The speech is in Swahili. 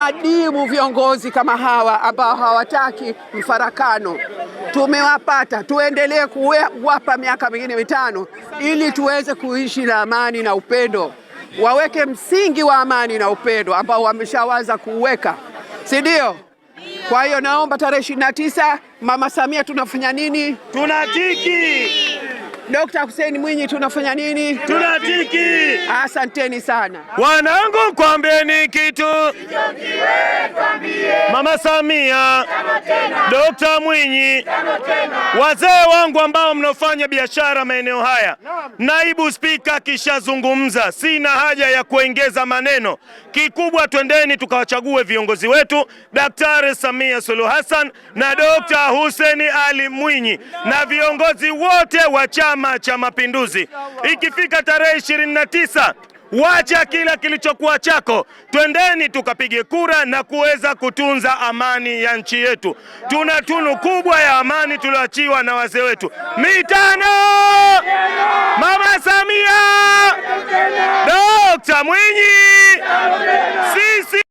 adibu viongozi kama hawa ambao hawataki mfarakano. Tumewapata, tuendelee kuwapa miaka mingine mitano ili tuweze kuishi na amani na upendo. Waweke msingi wa amani na upendo ambao wameshawaza kuweka si ndio? Kwa hiyo naomba tarehe ishirini na tisa Mama Samia, tunafanya nini? Tunatiki. Dokta Hussein Mwinyi, tunafanya nini? Tunatiki. Asanteni sana wanangu, kwambeni kitu Mama Samia, Dokta Mwinyi, wazee wangu ambao mnaofanya biashara maeneo haya. Naibu Spika kishazungumza, sina haja ya kuongeza maneno. Kikubwa twendeni tukawachague viongozi wetu Daktari Samia Suluhu Hassan na Dokta Hussein Ali Mwinyi na viongozi wote wa Chama cha Mapinduzi. Ikifika tarehe 29 Wacha kila kilichokuwa chako, twendeni tukapige kura na kuweza kutunza amani ya nchi yetu. Tuna tunu kubwa ya amani tulioachiwa na wazee wetu. Mitano Mama Samia, Dokta Mwinyi, sisi